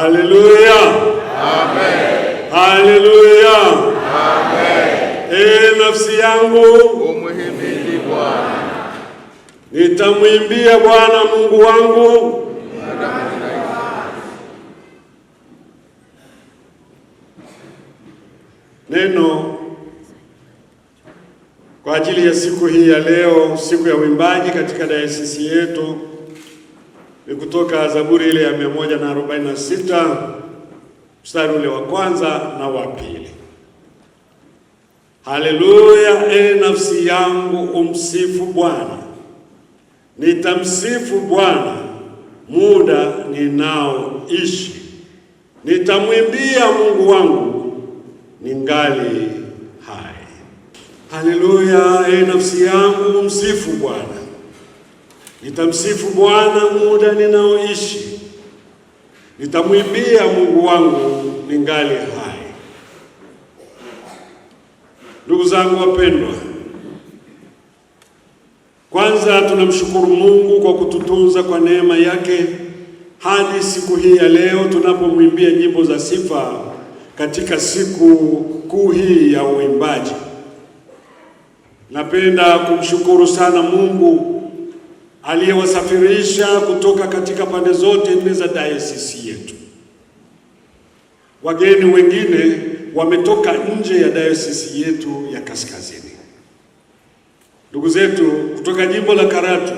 Haleluya, amen. Haleluya, amen. E, nafsi yangu umuhimidi Bwana, nitamwimbia Bwana Mungu wangu neno kwa ajili ya siku hii ya leo, siku ya uimbaji katika dayosisi yetu ni kutoka Zaburi ile ya 146 mstari ule wa kwanza na wa pili. Haleluya! E nafsi yangu umsifu Bwana, nitamsifu Bwana muda ninaoishi, nitamwimbia Mungu wangu ningali hai. Haleluya! E nafsi yangu umsifu Bwana Nitamsifu Bwana muda ninaoishi, nitamwimbia Mungu wangu ningali hai. Ndugu zangu wapendwa, kwanza tunamshukuru Mungu kwa kututunza kwa neema yake hadi siku hii ya leo tunapomwimbia nyimbo za sifa katika siku kuu hii ya uimbaji. Napenda kumshukuru sana Mungu aliyewasafirisha kutoka katika pande zote nne za dayosisi yetu. Wageni wengine wametoka nje ya dayosisi yetu ya kaskazini. Ndugu zetu kutoka jimbo la Karatu,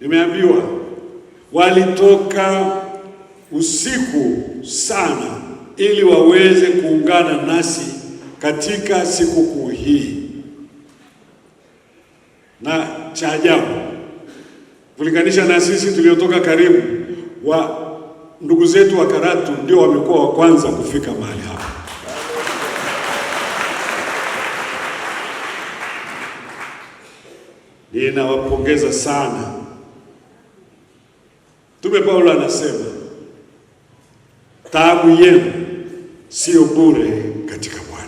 nimeambiwa walitoka usiku sana ili waweze kuungana nasi katika sikukuu hii, na cha ajabu kulinganisha na sisi tuliotoka karibu wa ndugu zetu wa Karatu ndio wamekuwa wa kwanza kufika mahali hapa. Ninawapongeza sana. Mtume Paulo anasema taabu yenu sio bure katika Bwana.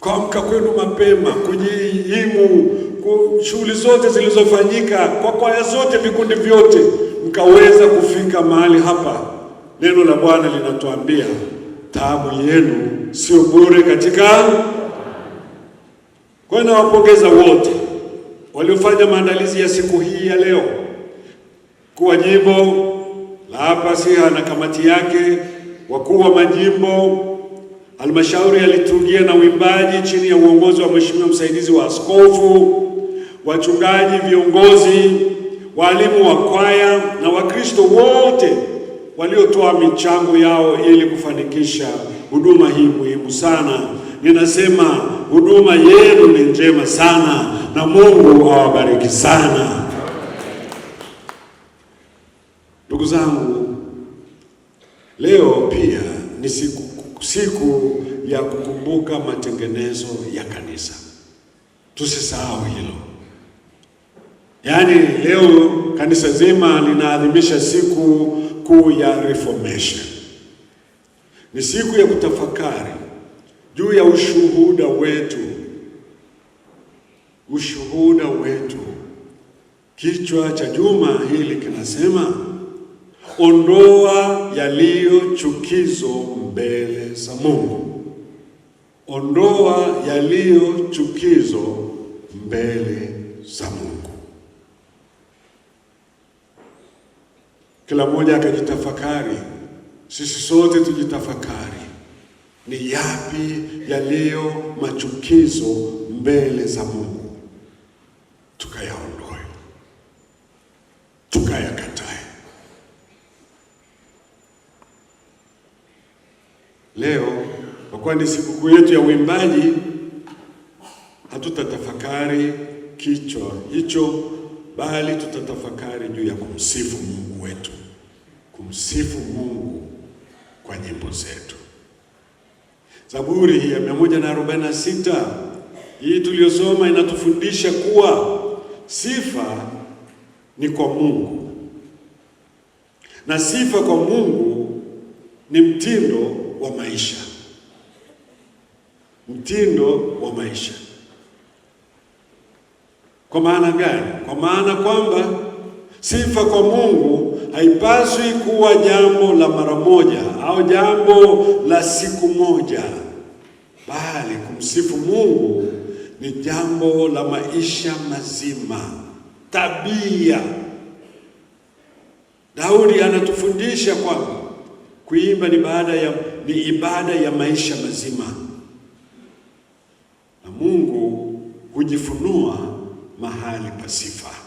Kuamka kwenu mapema, kujiimu shughuli zote zilizofanyika kwa kwaya zote, vikundi vyote, mkaweza kufika mahali hapa. Neno la Bwana linatuambia taabu yenu sio bure katika. Kwa hiyo nawapongeza wote waliofanya maandalizi ya siku hii ya leo, kuwa jimbo la hapa Siha na kamati yake, wakuu wa majimbo halmashauri ya na uimbaji chini ya uongozi wa Mheshimiwa msaidizi wa askofu, wachungaji, viongozi, walimu wa kwaya na Wakristo wote waliotoa michango yao ili kufanikisha huduma hii muhimu sana. Ninasema huduma yenu ni njema sana, na Mungu awabariki sana. Ndugu zangu, leo pia ni siku siku ya kukumbuka matengenezo ya kanisa. Tusisahau hilo. Yaani leo kanisa zima linaadhimisha siku kuu ya Reformation. Ni siku ya kutafakari juu ya ushuhuda wetu, ushuhuda wetu. Kichwa cha juma hili kinasema ondoa yaliyo chukizo mbele za Mungu, ondoa yaliyo chukizo mbele za Mungu. kila mmoja akajitafakari, sisi sote tujitafakari, ni yapi yaliyo machukizo mbele za Mungu, tukayaondoe, tukayakatae. Leo kwa kuwa ni sikukuu yetu ya uimbaji, hatutatafakari kichwa hicho, bali tutatafakari juu ya kumsifu Mungu wetu kumsifu Mungu kwa nyimbo zetu. Zaburi ya sita hii tuliyosoma inatufundisha kuwa sifa ni kwa Mungu na sifa kwa Mungu ni mtindo wa maisha, mtindo wa maisha. Kwa maana gani? Kwa maana kwamba sifa kwa Mungu haipaswi kuwa jambo la mara moja au jambo la siku moja, bali kumsifu Mungu ni jambo la maisha mazima, tabia. Daudi anatufundisha kwamba kuimba ni baada ya ni ibada ya maisha mazima, na Mungu hujifunua mahali pa sifa.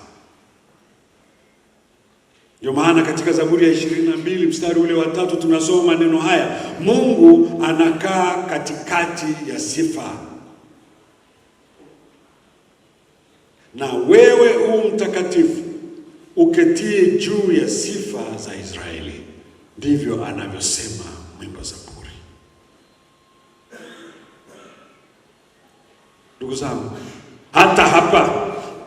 Ndio maana katika Zaburi ya ishirini na mbili mstari ule wa tatu tunasoma maneno haya, Mungu anakaa katikati ya sifa, na wewe u mtakatifu uketie juu ya sifa za Israeli. Ndivyo anavyosema mwimba Zaburi. Ndugu zangu, hata hapa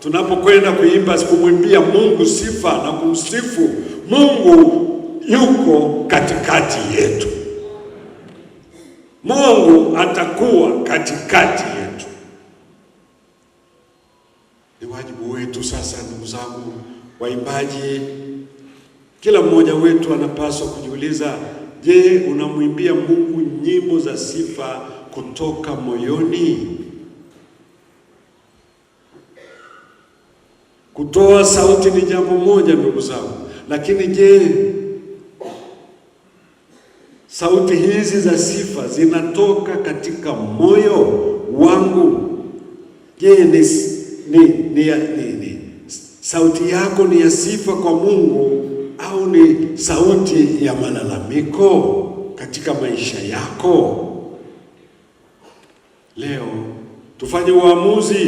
tunapokwenda kuimba kumwimbia Mungu sifa na kumsifu Mungu, yuko katikati yetu. Mungu atakuwa katikati yetu. Ni wajibu wetu sasa, ndugu zangu waimbaji, kila mmoja wetu anapaswa kujiuliza, je, unamwimbia Mungu nyimbo za sifa kutoka moyoni? Kutoa sauti ni jambo moja, ndugu zangu, lakini je, sauti hizi za sifa zinatoka katika moyo wangu? Je, ni, ni, ni, ni, ni sauti yako ni ya sifa kwa Mungu au ni sauti ya malalamiko katika maisha yako? Leo tufanye uamuzi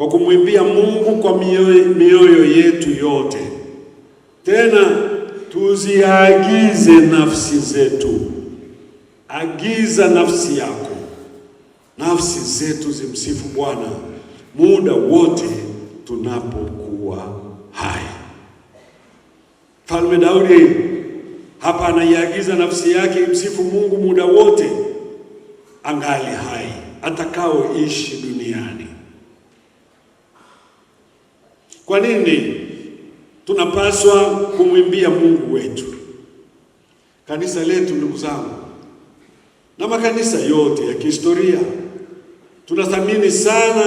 kwa kumwimbia Mungu kwa mioyo, mioyo yetu yote. Tena tuziagize nafsi zetu, agiza nafsi yako, nafsi zetu zimsifu Bwana muda wote tunapokuwa hai. Mfalme Daudi hapa anaiagiza nafsi yake imsifu Mungu muda wote angali hai atakaoishi duniani. Kwa nini tunapaswa kumwimbia Mungu wetu? Kanisa letu, ndugu zangu, na makanisa yote ya kihistoria, tunathamini sana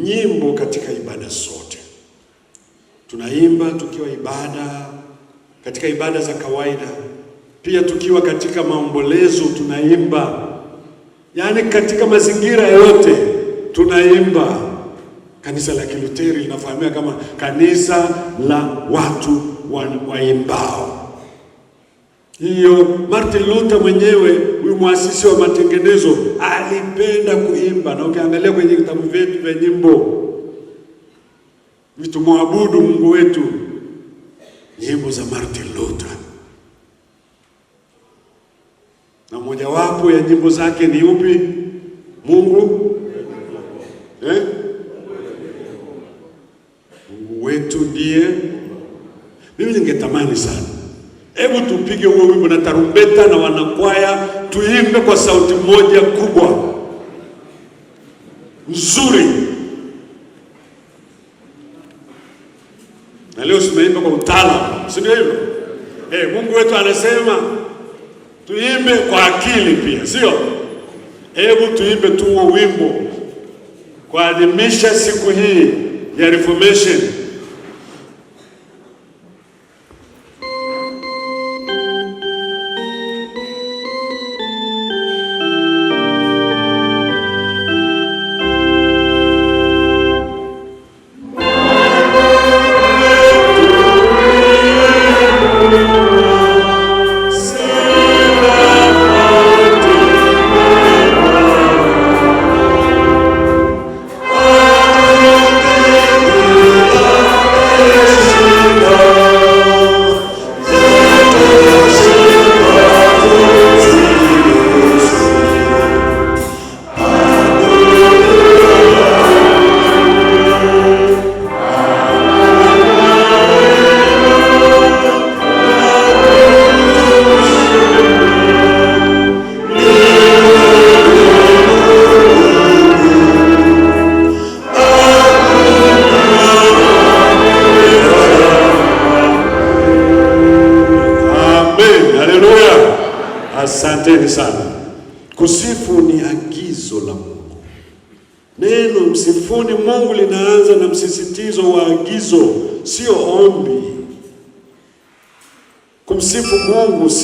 nyimbo katika ibada zote. Tunaimba tukiwa ibada, katika ibada za kawaida, pia tukiwa katika maombolezo tunaimba, yaani katika mazingira yote tunaimba Kanisa la Kiluteri linafahamika kama kanisa la watu waimbao. Hiyo Martin Luther mwenyewe, huyu mwasisi wa matengenezo, alipenda kuimba, na ukiangalia kwenye vitabu vyetu vya nyimbo vitumwabudu Mungu wetu, nyimbo za Martin Luther, na mojawapo ya nyimbo zake ni upi? Mungu eh? wetu ndiye. Mimi ningetamani sana, hebu tupige huo wimbo na tarumbeta na wanakwaya, tuimbe kwa sauti moja kubwa nzuri. Na leo simeimba kwa utaalamu, si ndio hivyo? Eh, Mungu wetu anasema tuimbe kwa akili pia, sio? Hebu tuimbe tu huo wimbo kuadhimisha siku hii ya Reformation.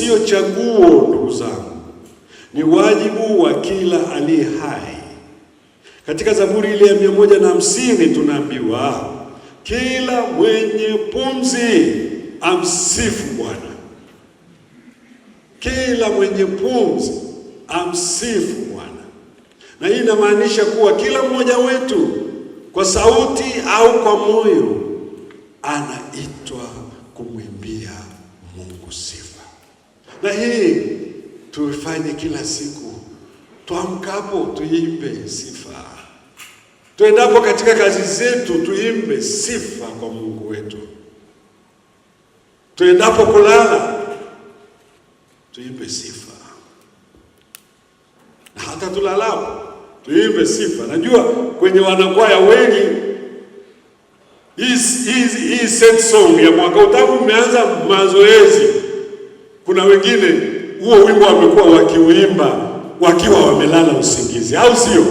sio chaguo, ndugu zangu, ni wajibu wa kila aliye hai. Katika Zaburi ile ya mia moja na hamsini tunaambiwa kila mwenye pumzi amsifu Bwana, kila mwenye pumzi amsifu Bwana. Na hii inamaanisha kuwa kila mmoja wetu kwa sauti au kwa moyo anaita na hii tufanye kila siku, tuamkapo tuimbe sifa, tuendapo katika kazi zetu tuimbe sifa kwa Mungu wetu, tuendapo kulala tuimbe sifa, na hata tulalapo tuimbe sifa. Najua kwenye wanakwaya wengi hii set song ya mwaka utaku umeanza mazoezi kuna wengine huo wimbo wamekuwa wakiuimba wakiwa wamelala usingizi, au sio?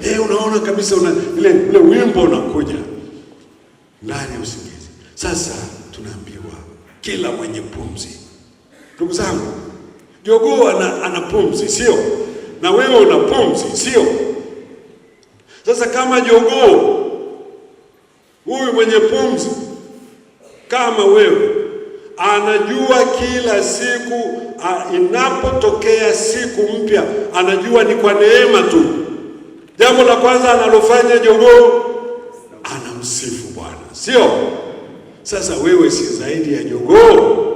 Hey, unaona kabisa una, ile, ile wimbo unakuja ndani usingizi. Sasa tunaambiwa kila mwenye pumzi. Ndugu zangu, jogoo ana, ana pumzi, sio? Na wewe una pumzi, sio? Sasa kama jogoo huyu mwenye pumzi kama wewe anajua kila siku inapotokea siku mpya, anajua ni kwa neema tu. Jambo la kwanza analofanya jogoo, anamsifu Bwana, sio? Sasa wewe si zaidi ya jogoo?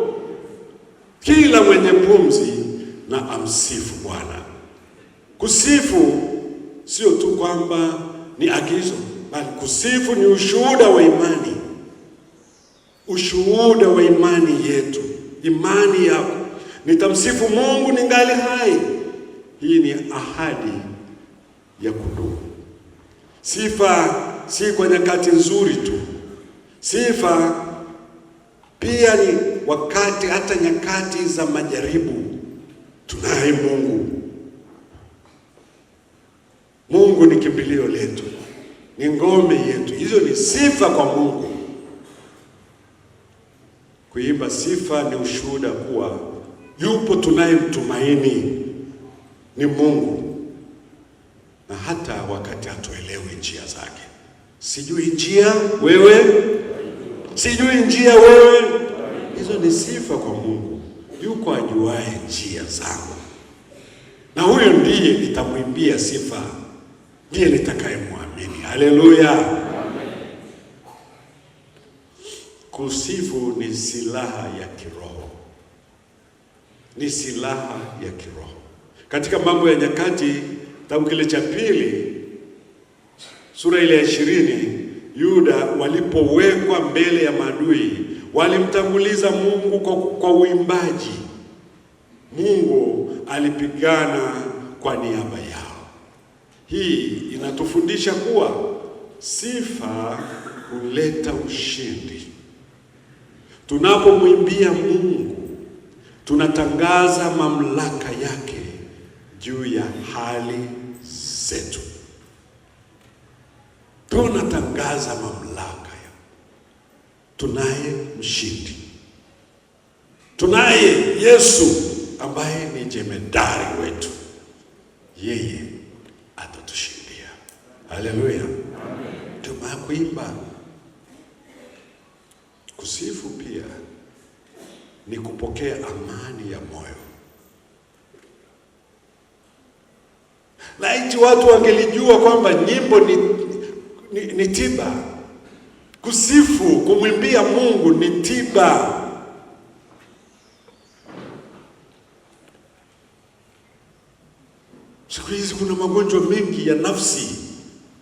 Kila mwenye pumzi na amsifu Bwana. Kusifu sio tu kwamba ni agizo, bali kusifu ni ushuhuda wa imani ushuhuda wa imani yetu, imani yako. Nitamsifu Mungu ningali hai. Hii ni ahadi ya kudumu. Sifa si kwa nyakati nzuri tu, sifa pia ni wakati, hata nyakati za majaribu. Tunaye Mungu. Mungu ni kimbilio letu, ni ngome yetu. Hizo ni sifa kwa Mungu. Kuimba sifa ni ushuhuda kuwa yupo tunayemtumaini ni Mungu, na hata wakati hatuelewi njia zake. Sijui njia wewe, sijui njia wewe, hizo ni sifa kwa Mungu. Yuko ajuae njia zangu, na huyo ndiye nitamwimbia sifa, ndiye nitakayemwamini. Haleluya! Kusifu ni silaha ya kiroho, ni silaha ya kiroho. Katika Mambo ya Nyakati, kitabu kile cha pili sura ile ya ishirini, Yuda walipowekwa mbele ya maadui walimtanguliza Mungu kwa, kwa uimbaji. Mungu alipigana kwa niaba yao. Hii inatufundisha kuwa sifa huleta ushindi. Tunapomwimbia Mungu tunatangaza mamlaka yake juu ya hali zetu, tunatangaza mamlaka ya tunaye mshindi, tunaye Yesu ambaye ni jemedari wetu, yeye atatushindia. Haleluya, tumakuimba Kusifu pia ni kupokea amani ya moyo. Laiti watu wangelijua kwamba nyimbo ni, ni, ni tiba. Kusifu, kumwimbia Mungu ni tiba. Siku hizi kuna magonjwa mengi ya nafsi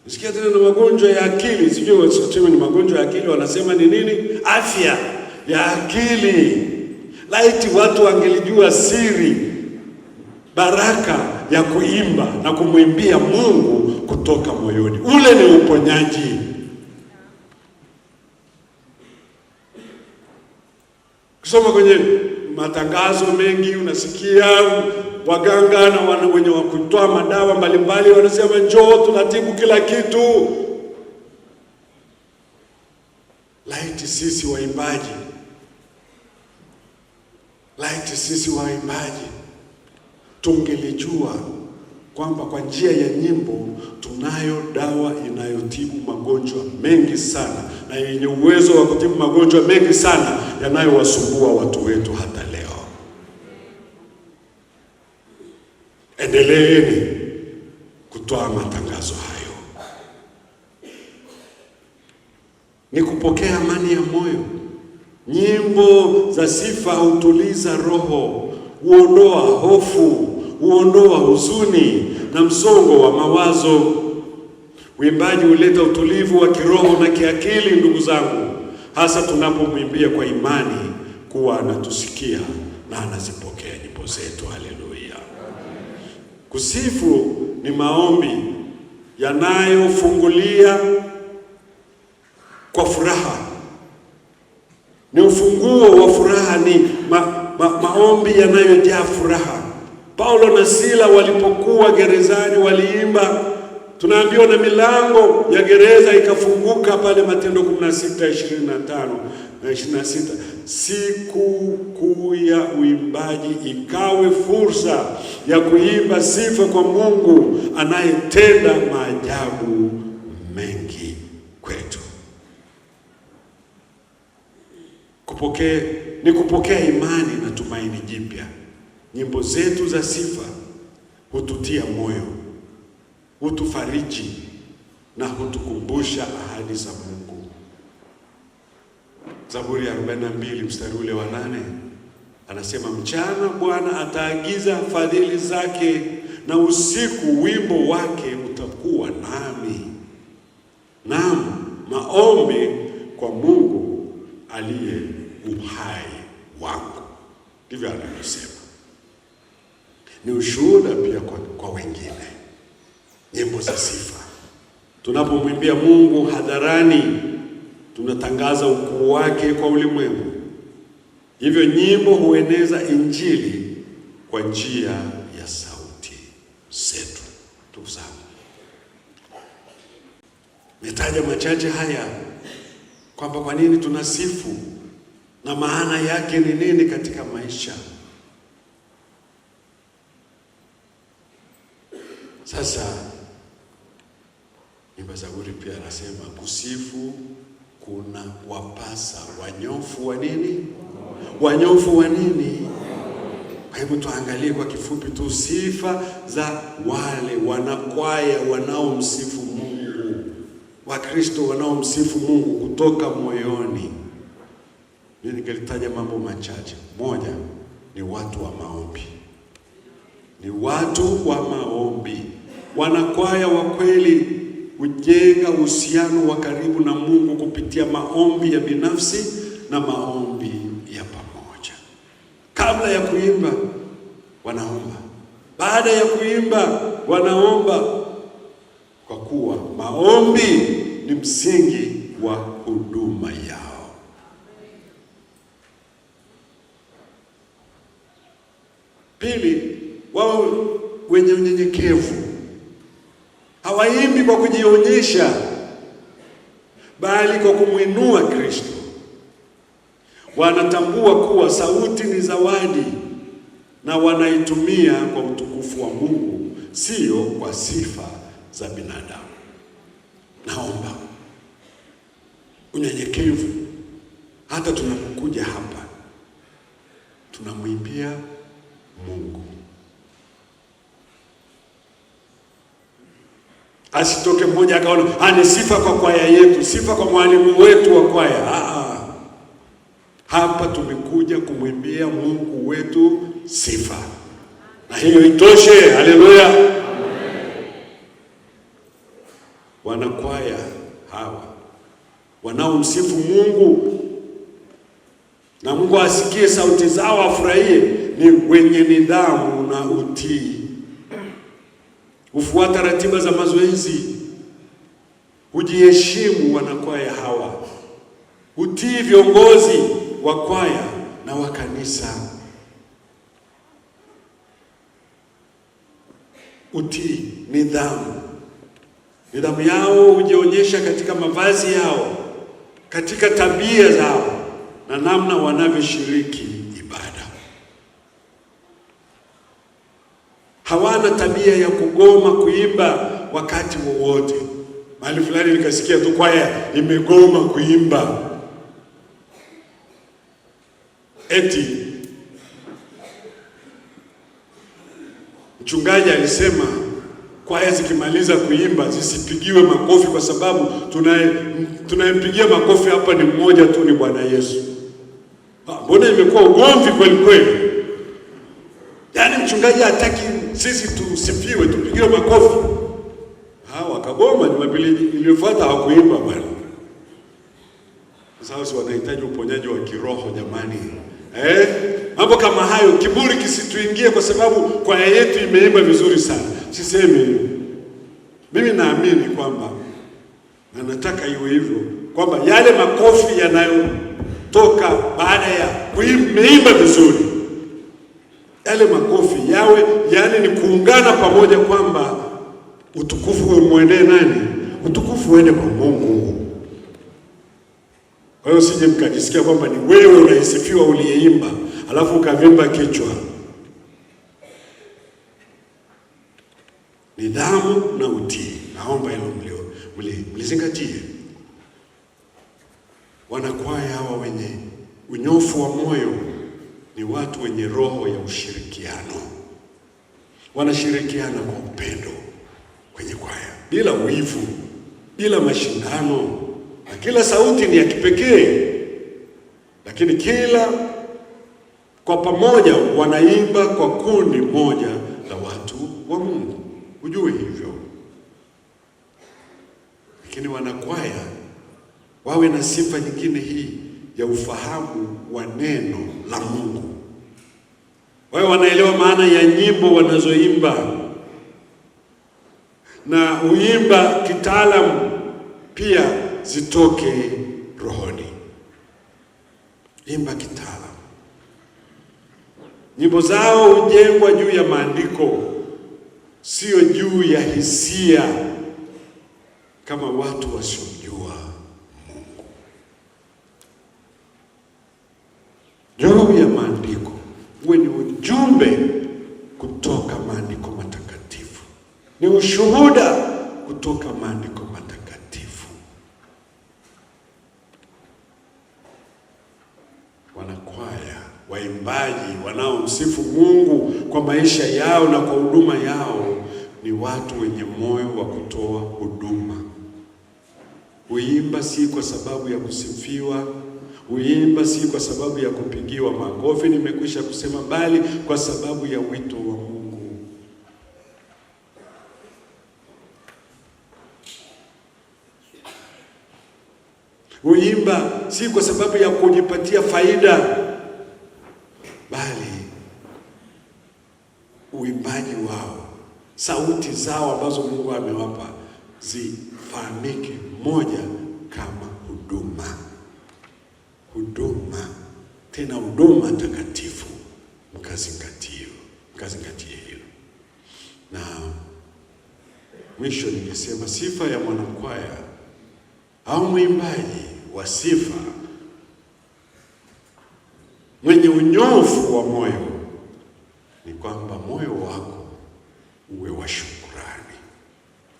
Sikia tena na magonjwa ya akili, sijui wasema ni magonjwa ya akili, wanasema ni nini? Afya ya akili. Laiti watu wangelijua siri, baraka ya kuimba na kumwimbia Mungu kutoka moyoni, ule ni uponyaji. Kusoma kwenye matangazo mengi unasikia Waganga na wana wenye wa kutoa madawa mbalimbali wanasema njoo, tunatibu kila kitu. Laiti sisi waimbaji, laiti sisi waimbaji tungelijua kwamba kwa njia ya nyimbo tunayo dawa inayotibu magonjwa mengi sana na yenye uwezo wa kutibu magonjwa mengi sana yanayowasumbua watu wetu hata leo. endeleeni kutoa matangazo hayo. Ni kupokea amani ya moyo. Nyimbo za sifa hutuliza roho, huondoa hofu, huondoa huzuni na msongo wa mawazo. Uimbaji huleta utulivu wa kiroho na kiakili, ndugu zangu, hasa tunapomwimbia kwa imani kuwa anatusikia na anazipokea nyimbo zetu. Haleluya! Kusifu ni maombi yanayofungulia kwa furaha, ni ufunguo wa furaha, ni ma, ma, maombi yanayojaa furaha. Paulo na Sila walipokuwa gerezani waliimba, tunaambiwa na milango ya gereza ikafunguka, pale Matendo 16:25 na 26. Siku kuu ya uimbaji ikawe fursa ya kuimba sifa kwa Mungu anayetenda maajabu mengi kwetu. Kupokee ni kupokea imani na tumaini jipya. Nyimbo zetu za sifa hututia moyo, hutufariji na hutukumbusha ahadi za Mungu. Zaburi ya 42 mstari ule wa nane anasema, mchana Bwana ataagiza fadhili zake, na usiku wimbo wake utakuwa nami. Naam, maombi kwa Mungu aliye uhai wangu, ndivyo anavyosema. Ni ushuhuda pia kwa, kwa wengine, nyimbo za sifa tunapomwimbia Mungu hadharani tunatangaza ukuu wake kwa ulimwengu. Hivyo nyimbo hueneza injili kwa njia ya sauti zetu. Ndugu zangu, metaja machache haya kwamba kwa nini tunasifu na maana yake ni nini katika maisha. Sasa nyimbo Zaburi pia anasema kusifu kuna wapasa wanyofu wa nini, wanyofu wa nini. Kwa hivyo tuangalie kwa kifupi tu sifa za wale wanakwaya wanaomsifu Mungu, Wakristo wanaomsifu Mungu kutoka moyoni. Mimi nikalitaja mambo machache. Moja ni watu wa maombi, ni watu wa maombi, wanakwaya wa kweli hujenga uhusiano wa karibu na Mungu kupitia maombi ya binafsi na maombi ya pamoja. Kabla ya kuimba wanaomba, baada ya kuimba wanaomba, kwa kuwa maombi ni msingi wa huduma yao. Pili, wao wenye unyenyekevu hawaimbi kwa kujionyesha, bali kwa kumwinua Kristo. Wanatambua kuwa sauti ni zawadi na wanaitumia kwa utukufu wa Mungu, sio kwa sifa za binadamu. Naomba unyenyekevu, hata tunapokuja hapa tunamwimbia Mungu. asitoke mmoja akaona ani ah, sifa kwa kwaya yetu, sifa kwa mwalimu wetu wa kwaya. Aa, ah, ah. hapa tumekuja kumwimbia Mungu wetu sifa, na hiyo itoshe. Haleluya! Wanakwaya hawa wanaomsifu Mungu na Mungu asikie sauti zao afurahie, ni wenye nidhamu na utii hufuata ratiba za mazoezi, hujiheshimu wanakwaya hawa, hutii viongozi wa kwaya na wa kanisa, utii, nidhamu. Nidhamu yao hujionyesha katika mavazi yao, katika tabia zao na namna wanavyoshiriki hawana tabia ya kugoma kuimba wakati wowote. Mahali fulani nikasikia tu kwaya imegoma kuimba eti mchungaji alisema kwaya zikimaliza kuimba zisipigiwe makofi, kwa sababu tunayempigia tuna makofi hapa ni mmoja tu, ni Bwana Yesu. Mbona imekuwa ugomvi kweli kweli? Yaani mchungaji hataki sisi tusifiwe, tupigiwe makofi. Hawa wakagoma, Jumapili iliyofuata hawakuimba bwana. Sasa wanahitaji uponyaji wa kiroho jamani, eh? Mambo kama hayo, kiburi kisituingie, kwa sababu kwaya yetu imeimba vizuri sana. Sisemi mimi, naamini kwamba na nataka iwe hivyo kwamba yale makofi yanayotoka baada ya kuimba vizuri yale makofi yawe yani ni kuungana pamoja, kwamba utukufu umwendee nani? Utukufu uende kwa Mungu. Kwa hiyo sije mkajisikia kwamba ni wewe unaisifiwa uliyeimba, alafu ukavimba kichwa. Nidhamu na utii, naomba hilo mlizingatie. Wanakwaya hawa wenye unyofu wa moyo ni watu wenye roho ya ushirikiano, wanashirikiana kwa upendo kwenye kwaya bila wivu, bila mashindano, na kila sauti ni ya kipekee, lakini kila kwa pamoja wanaimba kwa kundi moja la watu wa Mungu. Ujue hivyo, lakini wanakwaya wawe na sifa nyingine hii ya ufahamu wa neno la Mungu wao wanaelewa maana ya nyimbo wanazoimba na huimba kitaalamu pia zitoke rohoni. Imba kitaalamu. Nyimbo zao hujengwa juu ya maandiko, sio juu ya hisia kama watu wasiojua shuhuda kutoka maandiko matakatifu, wanakwaya, waimbaji wanaomsifu Mungu kwa maisha yao na kwa huduma yao ni watu wenye moyo wa kutoa huduma. Huimba si kwa sababu ya kusifiwa, huimba si kwa sababu ya kupigiwa makofi, nimekwisha kusema, bali kwa sababu ya wito wa Mungu. si kwa sababu ya kujipatia faida, bali uimbaji wao, sauti zao ambazo Mungu amewapa zifahamike, moja kama huduma, huduma tena, huduma takatifu. Mkazingatie, mkazingatie hilo. Na mwisho, nilisema sifa ya mwanakwaya au mwimbaji wa sifa, mwenye unyofu wa moyo, ni kwamba moyo wako uwe wa shukrani,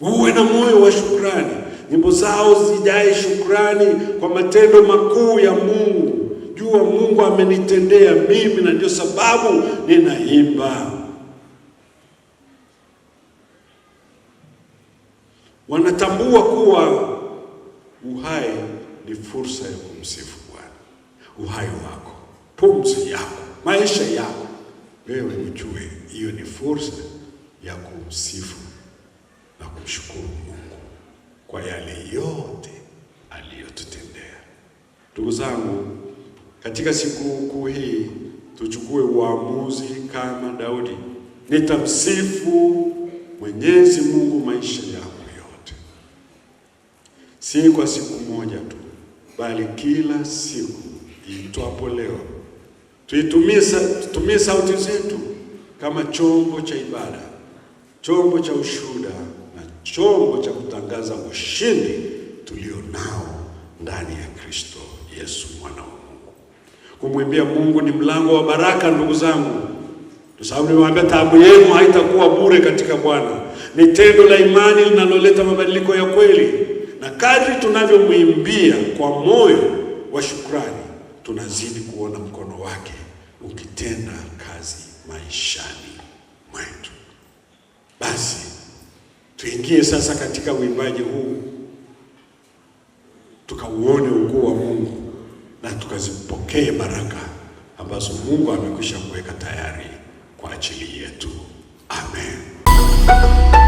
uwe na moyo wa shukrani. Nyimbo zao zijae shukrani kwa matendo makuu ya Mungu. Jua Mungu amenitendea mimi, na ndio sababu ninaimba. Wanatambua kuwa uhai ni fursa ya kumsifu Bwana. Uhai wako, pumzi yako, maisha yako, wewe ujue hiyo ni fursa ya kumsifu na kumshukuru Mungu kwa yale yote aliyotutendea. Ndugu zangu, katika siku kuu hii tuchukue uamuzi kama Daudi, nitamsifu Mwenyezi Mungu maisha yangu yote, si kwa siku moja tu bali kila siku iitwapo leo tuitumie sauti zetu kama chombo cha ibada, chombo cha ushuhuda na chombo cha kutangaza ushindi tulio nao ndani ya Kristo Yesu mwana wa Mungu. Kumwimbia Mungu ni mlango wa baraka, ndugu zangu, kwa sababu nimewaambia taabu yenu haitakuwa bure katika Bwana. Ni tendo la imani linaloleta mabadiliko ya kweli na kadri tunavyomwimbia kwa moyo wa shukrani, tunazidi kuona mkono wake ukitenda kazi maishani mwetu. Basi tuingie sasa katika uimbaji huu tukauone ukuu wa Mungu na tukazipokee baraka ambazo Mungu amekwisha kuweka tayari kwa ajili yetu. Amen.